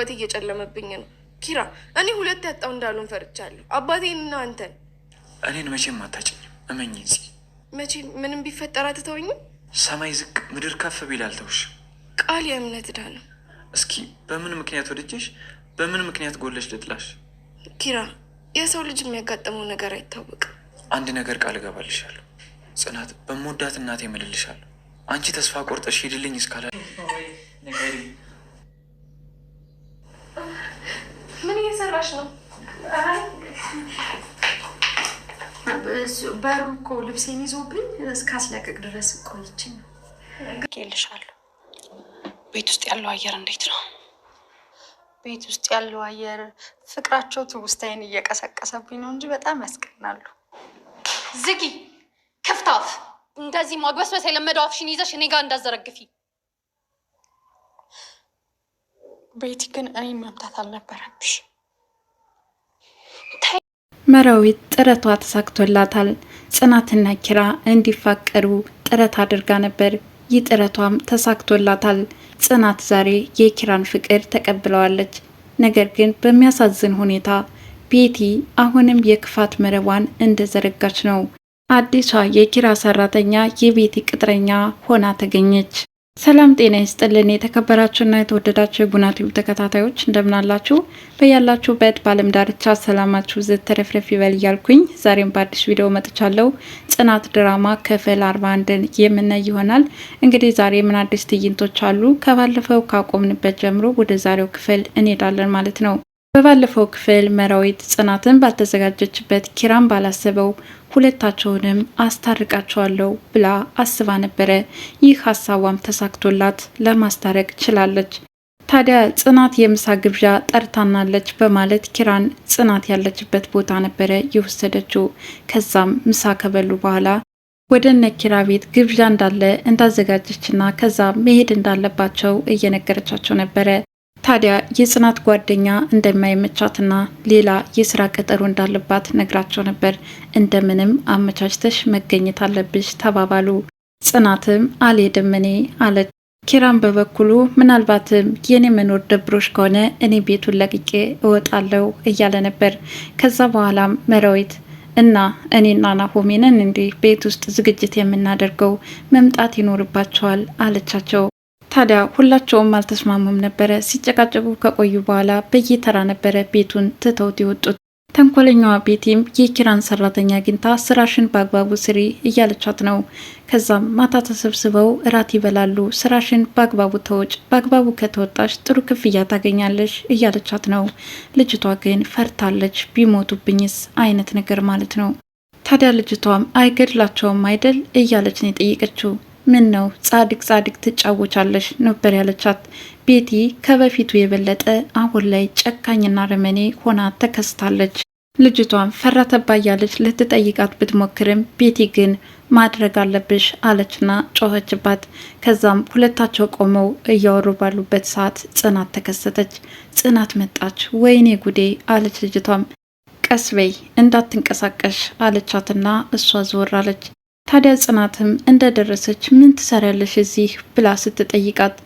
ህይወት እየጨለመብኝ ነው ኪራ። እኔ ሁለት ያጣው እንዳሉን ፈርቻለሁ፣ አባቴንና አንተን። እኔን መቼም አታጭኝም፣ እመኝ እንጂ መቼም ምንም ቢፈጠር አትተውኝም። ሰማይ ዝቅ ምድር ከፍ ቢል አልተውሽ። ቃል የእምነት ዕዳ ነው። እስኪ በምን ምክንያት ወደጀሽ፣ በምን ምክንያት ጎለሽ ልጥላሽ? ኪራ፣ የሰው ልጅ የሚያጋጥመው ነገር አይታወቅም። አንድ ነገር ቃል እገባልሻለሁ ጽናት፣ በምወዳት እናቴ እምልልሻለሁ። አንቺ ተስፋ ቆርጠሽ ሄድልኝ እስካላ ነው። በሩ እኮ ልብሴን ይዞብኝ እስካስለቅቅ ድረስ ቆይቼ ነው። ልሻለሁ። ቤት ውስጥ ያለው አየር እንዴት ነው? ቤት ውስጥ ያለው አየር ፍቅራቸው ትውስታይን እየቀሰቀሰብኝ ነው እንጂ በጣም ያስቀናሉ። ዝጊ ክፍታፍ። እንደዚህ ማግበስበስ የለመደው አፍሽን ይዘሽ እኔ ጋር እንዳዘረግፊ። ቤቲ ግን እኔ መምታት አልነበረብሽ መራዊት ጥረቷ ተሳክቶላታል። ጽናትና ኪራ እንዲፋቀሩ ጥረት አድርጋ ነበር። ይህ ጥረቷም ተሳክቶላታል። ጽናት ዛሬ የኪራን ፍቅር ተቀብለዋለች። ነገር ግን በሚያሳዝን ሁኔታ ቤቲ አሁንም የክፋት መረቧን እንደዘረጋች ነው። አዲሷ የኪራ ሰራተኛ የቤቲ ቅጥረኛ ሆና ተገኘች። ሰላም ጤና ይስጥልን። የተከበራችሁና የተወደዳችሁ የጉና ቲዩብ ተከታታዮች እንደምናላችሁ፣ በያላችሁበት በዓለም ዳርቻ ሰላማችሁ ዝት ተረፍረፍ ይበል እያልኩኝ ዛሬም በአዲስ ቪዲዮ መጥቻለሁ። ጽናት ድራማ ክፍል አርባ አንድን የምናይ ይሆናል። እንግዲህ ዛሬ ምን አዲስ ትዕይንቶች አሉ? ከባለፈው ካቆምንበት ጀምሮ ወደ ዛሬው ክፍል እንሄዳለን ማለት ነው። በባለፈው ክፍል መራዊት ጽናትን ባልተዘጋጀችበት ኪራን ባላሰበው ሁለታቸውንም አስታርቃቸዋለሁ ብላ አስባ ነበረ። ይህ ሀሳቧም ተሳክቶላት ለማስታረቅ ችላለች። ታዲያ ጽናት የምሳ ግብዣ ጠርታናለች በማለት ኪራን ጽናት ያለችበት ቦታ ነበረ የወሰደችው። ከዛም ምሳ ከበሉ በኋላ ወደ እነ ኪራ ቤት ግብዣ እንዳለ እንዳዘጋጀችና ከዛ መሄድ እንዳለባቸው እየነገረቻቸው ነበረ። ታዲያ የጽናት ጓደኛ እንደማይመቻትና ሌላ የስራ ቀጠሮ እንዳለባት ነግራቸው ነበር። እንደምንም አመቻችተሽ መገኘት አለብሽ ተባባሉ። ጽናትም አልሄድም እኔ አለች። ኪራም በበኩሉ ምናልባትም የኔ መኖር ደብሮች ከሆነ እኔ ቤቱን ለቅቄ እወጣለሁ እያለ ነበር። ከዛ በኋላም መራዊት እና እኔና ናሆሜንን እንዲህ ቤት ውስጥ ዝግጅት የምናደርገው መምጣት ይኖርባቸዋል አለቻቸው። ታዲያ ሁላቸውም አልተስማሙም ነበረ። ሲጨቃጨቁ ከቆዩ በኋላ በየተራ ነበረ ቤቱን ትተውት የወጡት። ተንኮለኛዋ ቤቲም የኪራን ሰራተኛ አግኝታ ስራሽን በአግባቡ ስሪ እያለቻት ነው። ከዛም ማታ ተሰብስበው እራት ይበላሉ። ስራሽን በአግባቡ ተወጭ፣ በአግባቡ ከተወጣሽ ጥሩ ክፍያ ታገኛለሽ እያለቻት ነው። ልጅቷ ግን ፈርታለች፣ ቢሞቱብኝስ አይነት ነገር ማለት ነው። ታዲያ ልጅቷም አይገድላቸውም አይደል እያለች ነው የጠየቀችው። ምን ነው ጻድቅ ጻድቅ ትጫወቻለሽ ነበር ያለቻት። ቤቲ ከበፊቱ የበለጠ አሁን ላይ ጨካኝና ረመኔ ሆና ተከስታለች። ልጅቷን ፈራተባ እያለች ልትጠይቃት ብትሞክርም ቤቲ ግን ማድረግ አለብሽ አለችና ጮኸችባት። ከዛም ሁለታቸው ቆመው እያወሩ ባሉበት ሰዓት ጽናት ተከሰተች። ጽናት መጣች። ወይኔ ጉዴ አለች ልጅቷም። ቀስ በይ እንዳትንቀሳቀሽ አለቻትና እሷ ዞር አለች። ታዲያ ጽናትም እንደደረሰች ምን ትሰሪያለሽ እዚህ ብላ ስትጠይቃት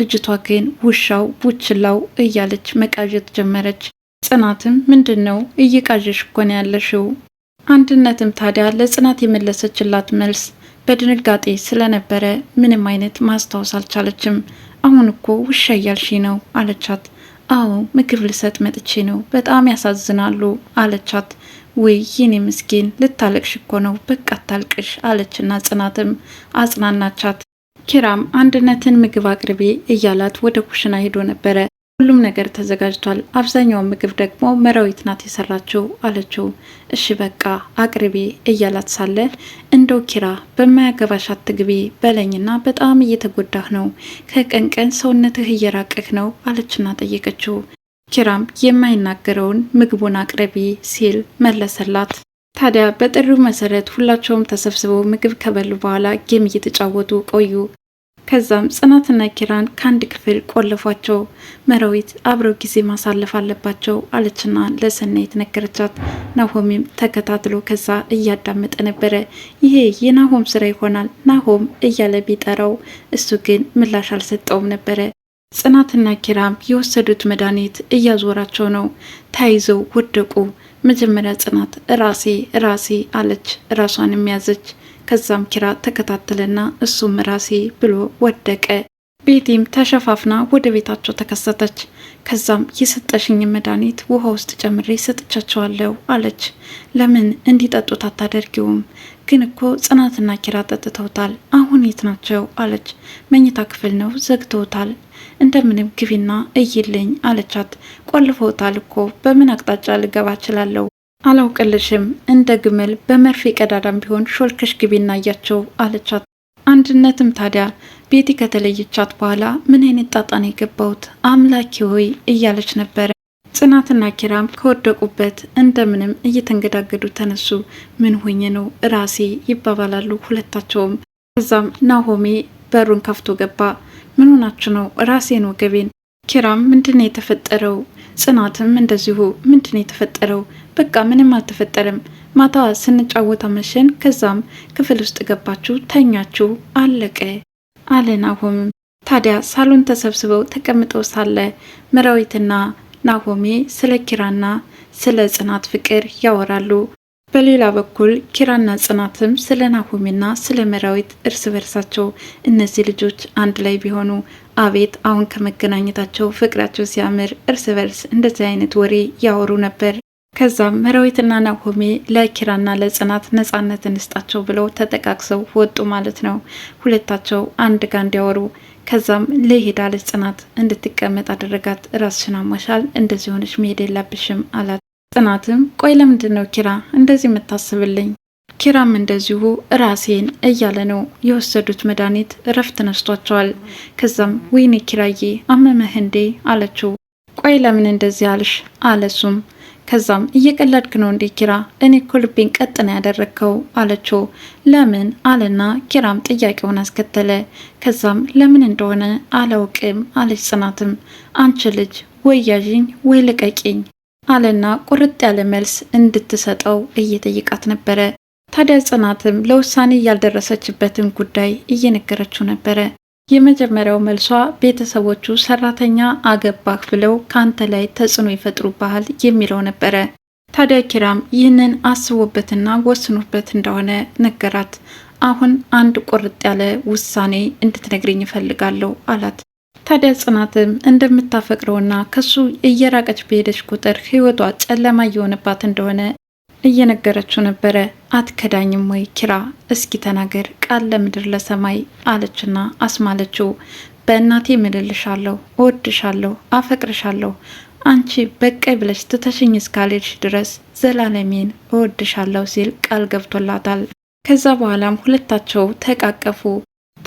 ልጅቷ ግን ውሻው ቡችላው እያለች መቃዠት ጀመረች። ጽናትም ምንድን ነው እየቃዠሽ እኮ ነው ያለሽው? አንድነትም ታዲያ ለጽናት የመለሰችላት መልስ በድንጋጤ ስለነበረ ምንም አይነት ማስታወስ አልቻለችም። አሁን እኮ ውሻ እያልሽ ነው አለቻት። አዎ ምግብ ልሰጥ መጥቼ ነው፣ በጣም ያሳዝናሉ አለቻት። ውይ ይኔ ምስኪን ልታለቅሽ እኮ ነው፣ በቃ አታልቅሽ አለችና ጽናትም አጽናናቻት። ኪራም አንድነትን ምግብ አቅርቤ እያላት ወደ ኩሽና ሄዶ ነበረ። ሁሉም ነገር ተዘጋጅቷል። አብዛኛውን ምግብ ደግሞ መራዊት ናት የሰራችው አለችው። እሺ በቃ አቅርቤ እያላት ሳለ እንደው ኪራ በማያገባሽ አትግቢ በለኝና በጣም እየተጎዳህ ነው፣ ከቀን ቀን ሰውነትህ እየራቅህ ነው አለችና ጠየቀችው። ኪራም የማይናገረውን ምግቡን አቅርቢ ሲል መለሰላት። ታዲያ በጥሪው መሰረት ሁላቸውም ተሰብስበው ምግብ ከበሉ በኋላ ጌም እየተጫወቱ ቆዩ። ከዛም ጽናትና ኪራን ከአንድ ክፍል ቆለፏቸው። መራዊት አብረው ጊዜ ማሳለፍ አለባቸው አለችና ለሰናይት የተነገረቻት ናሆሚም ተከታትሎ ከዛ እያዳመጠ ነበረ። ይሄ የናሆም ስራ ይሆናል ናሆም እያለ ቢጠራው እሱ ግን ምላሽ አልሰጠውም ነበረ። ጽናትና ኪራም የወሰዱት መድኃኒት እያዞራቸው ነው። ተያይዘው ወደቁ። መጀመሪያ ጽናት ራሴ ራሴ አለች፣ ራሷን የሚያዘች ከዛም ኪራ ተከታተለና እሱም ራሴ ብሎ ወደቀ። ቤቲም ተሸፋፍና ወደ ቤታቸው ተከሰተች። ከዛም የሰጠሽኝ መድኃኒት ውሃ ውስጥ ጨምሬ ሰጥቻቸዋለሁ አለች። ለምን እንዲጠጡት አታደርጊውም? ግን እኮ ጽናትና ኪራ ጠጥተውታል። አሁን የት ናቸው አለች። መኝታ ክፍል ነው ዘግተውታል እንደምንም ግቢና እይልኝ አለቻት። ቆልፎታል እኮ በምን አቅጣጫ ልገባ እችላለሁ? አላውቅልሽም እንደ ግመል በመርፌ ቀዳዳም ቢሆን ሾልከሽ ግቢና እያቸው አለቻት። አንድነትም ታዲያ ቤቲ ከተለየቻት በኋላ ምን አይነት ጣጣን የገባሁት አምላኬ ሆይ እያለች ነበረ። ጽናትና ኪራም ከወደቁበት እንደምንም እየተንገዳገዱ ተነሱ። ምን ሆኜ ነው ራሴ ይባባላሉ ሁለታቸውም። ከዛም ናሆሜ በሩን ከፍቶ ገባ። ምን ሆናችሁ ነው? ራሴን ወገቤን። ኪራም ምንድነው የተፈጠረው? ጽናትም እንደዚሁ ምንድነው የተፈጠረው? በቃ ምንም አልተፈጠረም። ማታ ስንጫወት አመሸን። ከዛም ክፍል ውስጥ ገባችሁ፣ ተኛችሁ፣ አለቀ አለ ናሆምም። ታዲያ ሳሎን ተሰብስበው ተቀምጠው ሳለ መራዊትና ናሆሜ ስለ ኪራና ስለ ጽናት ፍቅር ያወራሉ። በሌላ በኩል ኪራና ጽናትም ስለ ናሆሜና ስለ መራዊት እርስ በርሳቸው እነዚህ ልጆች አንድ ላይ ቢሆኑ አቤት አሁን ከመገናኘታቸው ፍቅራቸው ሲያምር እርስ በርስ እንደዚህ አይነት ወሬ ያወሩ ነበር። ከዛም መራዊትና ናሆሜ ለኪራና ለጽናት ነጻነት እንስጣቸው ብለው ተጠቃቅሰው ወጡ ማለት ነው። ሁለታቸው አንድ ጋ እንዲያወሩ ከዛም ልሄድ አለች ጽናት። እንድትቀመጥ አደረጋት። ራስሽን አሟሻል፣ እንደዚህ ሆነች መሄድ የላብሽም አላት። ጽናትም ቆይ ለምንድን ነው ኪራ እንደዚህ የምታስብልኝ? ኪራም እንደዚሁ ራሴን እያለ ነው። የወሰዱት መድኃኒት እረፍት ነስቷቸዋል። ከዛም ወይኔ ኪራዬ አመመህ እንዴ አለችው። ቆይ ለምን እንደዚህ አልሽ አለሱም። ከዛም እየቀለድክ ነው እንዴ ኪራ፣ እኔ እኮ ልቤን ቀጥ ያደረግከው አለችው። ለምን አለና ኪራም ጥያቄውን አስከተለ። ከዛም ለምን እንደሆነ አላውቅም አለች ጽናትም። አንቺ ልጅ ወይ ያዥኝ ወይ ልቀቂኝ አለና ቁርጥ ያለ መልስ እንድትሰጠው እየጠየቃት ነበረ። ታዲያ ጽናትም ለውሳኔ ያልደረሰችበትን ጉዳይ እየነገረችው ነበረ። የመጀመሪያው መልሷ ቤተሰቦቹ ሰራተኛ አገባህ ብለው ከአንተ ላይ ተጽዕኖ ይፈጥሩብሃል የሚለው ነበረ። ታዲያ ኪራም ይህንን አስቦበትና ወስኖበት እንደሆነ ነገራት። አሁን አንድ ቁርጥ ያለ ውሳኔ እንድትነግርኝ እፈልጋለሁ አላት። ታዲያ ጽናትም እንደምታፈቅረውና ከሱ እየራቀች በሄደች ቁጥር ህይወቷ ጨለማ እየሆነባት እንደሆነ እየነገረችው ነበረ። አትከዳኝም ወይ ኪራ? እስኪ ተናገር፣ ቃል ለምድር ለሰማይ አለችና አስማለችው። በእናቴ ምልልሻለሁ፣ እወድሻለሁ፣ አፈቅርሻለሁ አንቺ በቀይ ብለሽ ትተሽኝ እስካልሄድሽ ድረስ ዘላለሜን እወድሻለሁ ሲል ቃል ገብቶላታል። ከዛ በኋላም ሁለታቸው ተቃቀፉ።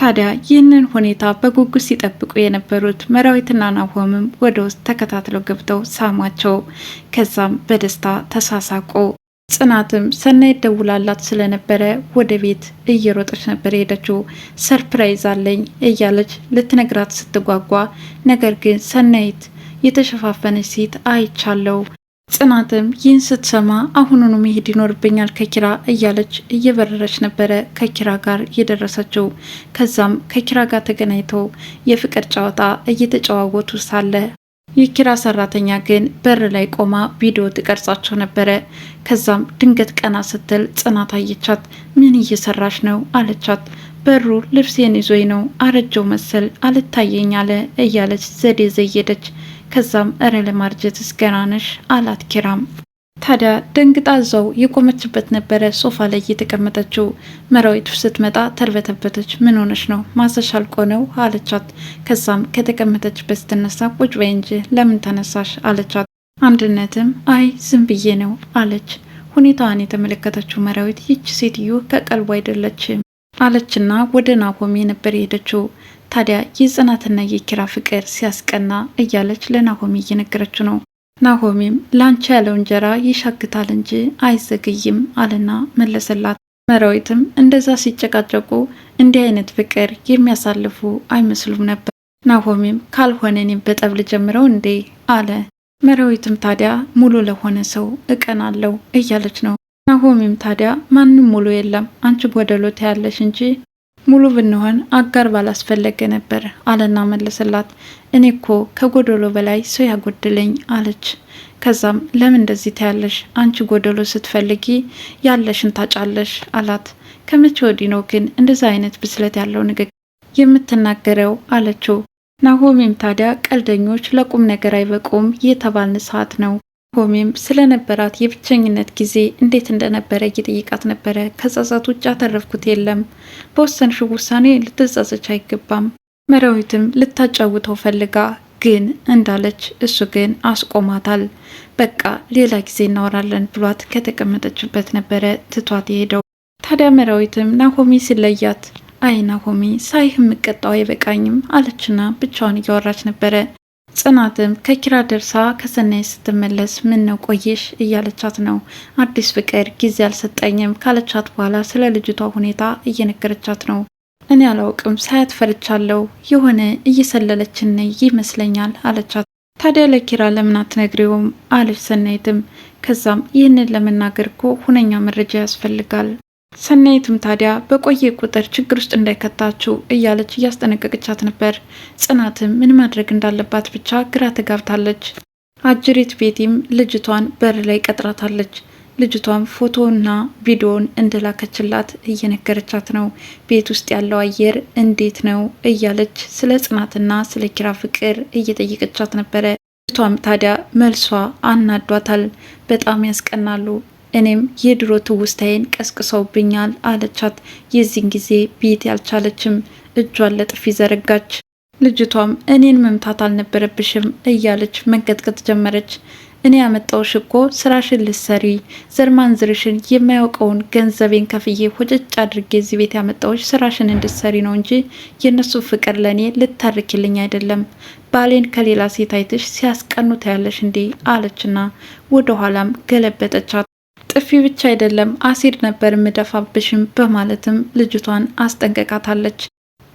ታዲያ ይህንን ሁኔታ በጉጉት ሲጠብቁ የነበሩት መራዊትና ናሆምም ወደ ውስጥ ተከታትለው ገብተው ሳሟቸው። ከዛም በደስታ ተሳሳቁ ጽናትም ሰናይት ደውላላት ስለነበረ ወደ ቤት እየሮጠች ነበር የሄደችው። ሰርፕራይዝ አለኝ እያለች ልትነግራት ስትጓጓ፣ ነገር ግን ሰናይት የተሸፋፈነች ሴት አይቻለው ጽናትም ይህን ስትሰማ አሁኑኑ መሄድ ይኖርብኛል ከኪራ እያለች እየበረረች ነበረ ከኪራ ጋር የደረሰችው። ከዛም ከኪራ ጋር ተገናኝተው የፍቅር ጨዋታ እየተጨዋወቱ ሳለ የኪራ ሰራተኛ ግን በር ላይ ቆማ ቪዲዮ ትቀርጻቸው ነበረ። ከዛም ድንገት ቀና ስትል ጽናት አየቻት። ምን እየሰራች ነው አለቻት። በሩ ልብሴን ይዞኝ ነው አረጀው መሰል አልታየኝ አለ እያለች ዘዴ ዘየደች። ከዛም እረ ለማርጀት እስገናነሽ አላት ኪራም። ታዲያ ደንግጣ እዛው የቆመችበት ነበረ ሶፋ ላይ እየተቀመጠችው መራዊት ስትመጣ ተርበተበተች። ምን ሆነች ነው ማሰሻ አልቆ ነው አለቻት። ከዛም ከተቀመጠችበት ስትነሳ ቁጭ በይ እንጂ ለምን ተነሳሽ አለቻት። አንድነትም አይ ዝም ብዬ ነው አለች። ሁኔታዋን የተመለከተችው መራዊት ይች ሴትዮ ከቀልቡ አይደለችም አለችና ወደ ናሆሜ ነበር የሄደችው። ታዲያ የጽናትና የኪራ ፍቅር ሲያስቀና እያለች ለናሆሚ እየነገረችው ነው። ናሆሚም ላንቺ ያለው እንጀራ ይሻግታል እንጂ አይዘግይም አለና መለሰላት። መራዊትም እንደዛ ሲጨቃጨቁ እንዲህ አይነት ፍቅር የሚያሳልፉ አይመስሉም ነበር። ናሆሚም ካልሆነ እኔም በጠብ ልጀምረው እንዴ አለ። መራዊትም ታዲያ ሙሉ ለሆነ ሰው እቀናለው እያለች ነው። ናሆሚም ታዲያ ማንም ሙሉ የለም አንቺ ጎደሎት ያለሽ እንጂ ሙሉ ብንሆን አጋር ባላስፈለገ ነበር አለና መለሰላት። እኔ እኮ ከጎደሎ በላይ ሰው ያጎደለኝ አለች። ከዛም ለምን እንደዚህ ታያለሽ? አንቺ ጎደሎ ስትፈልጊ ያለሽን ታጫለሽ አላት። ከመቼ ወዲህ ነው ግን እንደዛ አይነት ብስለት ያለው ንግግር የምትናገረው አለችው። ናሆሜም ታዲያ ቀልደኞች ለቁም ነገር አይበቁም የተባልን ሰዓት ነው ሆሚም ስለነበራት የብቸኝነት ጊዜ እንዴት እንደነበረ እየጠየቃት ነበረ። ከጸጸት ውጭ አተረፍኩት የለም። በወሰንሽው ውሳኔ ልትጸጸች አይገባም። መራዊትም ልታጫውተው ፈልጋ ግን እንዳለች እሱ ግን አስቆማታል። በቃ ሌላ ጊዜ እናወራለን ብሏት ከተቀመጠችበት ነበረ ትቷት የሄደው። ታዲያ መራዊትም ናሆሚ ሲለያት አይ ናሆሚ ሳይህ የምቀጣው አይበቃኝም አለችና ብቻውን እያወራች ነበረ። ጽናትም ከኪራ ደርሳ ከሰናይ ስትመለስ ምን ነው ቆየሽ እያለቻት ነው። አዲስ ፍቅር ጊዜ አልሰጠኝም ካለቻት በኋላ ስለ ልጅቷ ሁኔታ እየነገረቻት ነው። እኔ አላውቅም ሳያት ፈልቻለሁ፣ የሆነ እየሰለለችን ይመስለኛል አለቻት። ታዲያ ለኪራ ለምን አትነግሪውም አለች ሰናይትም። ከዛም ይህንን ለመናገር እኮ ሁነኛ መረጃ ያስፈልጋል ሰናይትም ታዲያ በቆየ ቁጥር ችግር ውስጥ እንዳይከታችው እያለች እያስጠነቀቀቻት ነበር። ጽናትም ምን ማድረግ እንዳለባት ብቻ ግራ ተጋብታለች። አጅሬት ቤቲም ልጅቷን በር ላይ ቀጥራታለች። ልጅቷም ፎቶና ቪዲዮን እንደላከችላት እየነገረቻት ነው። ቤት ውስጥ ያለው አየር እንዴት ነው እያለች ስለ ጽናትና ስለ ኪራ ፍቅር እየጠየቀቻት ነበረ። ልጅቷም ታዲያ መልሷ አናዷታል። በጣም ያስቀናሉ እኔም የድሮ ትውስታዬን ቀስቅሰውብኛል አለቻት። የዚህን ጊዜ ቤት ያልቻለችም እጇን ለጥፊ ዘረጋች። ልጅቷም እኔን መምታት አልነበረብሽም እያለች መንቀጥቀጥ ጀመረች። እኔ ያመጣውሽ እኮ ስራሽን ልሰሪ ዘርማንዝርሽን የማያውቀውን ገንዘቤን ከፍዬ ሆጨጭ አድርጌ እዚህ ቤት ያመጣውሽ ስራሽን እንድሰሪ ነው እንጂ የእነሱ ፍቅር ለእኔ ልታርኪልኝ አይደለም። ባሌን ከሌላ ሴት አይትሽ ሲያስቀኑ ታያለሽ እንዴ? አለችና ወደኋላም ገለበጠቻት። ጥፊ ብቻ አይደለም አሲድ ነበር የምደፋብሽም በማለትም ልጅቷን አስጠንቀቃታለች።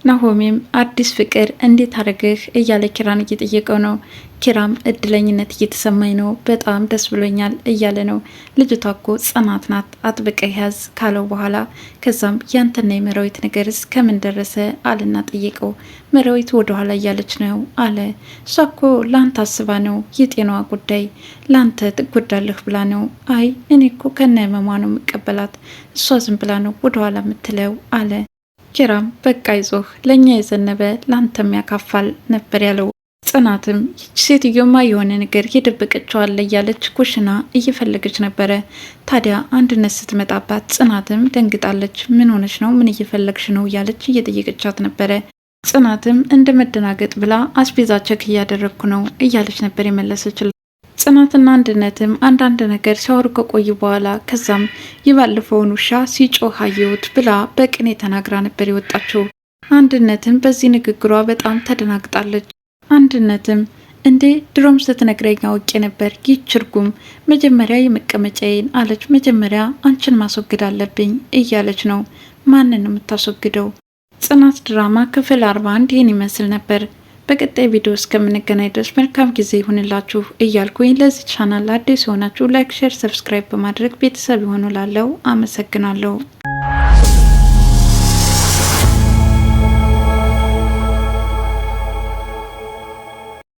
ናሆሜም አዲስ ፍቅር እንዴት አድርግህ እያለ ኪራን እየጠየቀው ነው። ኪራም እድለኝነት እየተሰማኝ ነው፣ በጣም ደስ ብሎኛል እያለ ነው። ልጅቷ እኮ ጽናት ናት፣ አጥብቀ ያዝ ካለው በኋላ ከዛም ያንተና የመራዊት ነገርስ ከምን ደረሰ አልና ጠየቀው። መራዊት ወደኋላ እያለች ነው አለ። እሷ እኮ ለአንተ አስባ ነው፣ የጤናዋ ጉዳይ ለአንተ ትጎዳለህ ብላ ነው። አይ እኔ እኮ ከነ ህመሟ ነው የምቀበላት፣ እሷ ዝም ብላ ነው ወደኋላ የምትለው አለ። ኪራም በቃ ይዞህ ለእኛ የዘነበ ለአንተም ያካፋል ነበር ያለው። ጽናትም ይች ሴትዮማ የሆነ ነገር የደበቀችዋለ እያለች ኩሽና እየፈለገች ነበረ። ታዲያ አንድነት ስትመጣባት ጽናትም ደንግጣለች። ምን ሆነች ነው? ምን እየፈለግሽ ነው? እያለች እየጠየቀቻት ነበረ። ጽናትም እንደ መደናገጥ ብላ አስቤዛ ቸክ እያደረግኩ ነው እያለች ነበር የመለሰችል። ጽናትና አንድነትም አንዳንድ ነገር ሲያወሩ ከቆዩ በኋላ ከዛም የባለፈውን ውሻ ሲጮህ አየሁት ብላ በቅኔ ተናግራ ነበር የወጣችው። አንድነትም በዚህ ንግግሯ በጣም ተደናግጣለች። አንድነትም እንዴ ድሮም ስትነግረኝ አውቄ ነበር ይች ችርጉም መጀመሪያ የመቀመጫዬን አለች መጀመሪያ አንቺን ማስወገድ አለብኝ እያለች ነው ማንን የምታስወግደው ጽናት ድራማ ክፍል አርባ አንድ ይህን ይመስል ነበር በቀጣይ ቪዲዮ እስከምንገናኝ ድረስ መልካም ጊዜ ይሁንላችሁ እያልኩኝ ለዚህ ቻናል አዲስ የሆናችሁ ላይክ ሼር ሰብስክራይብ በማድረግ ቤተሰብ ይሆኑ ላለው አመሰግናለሁ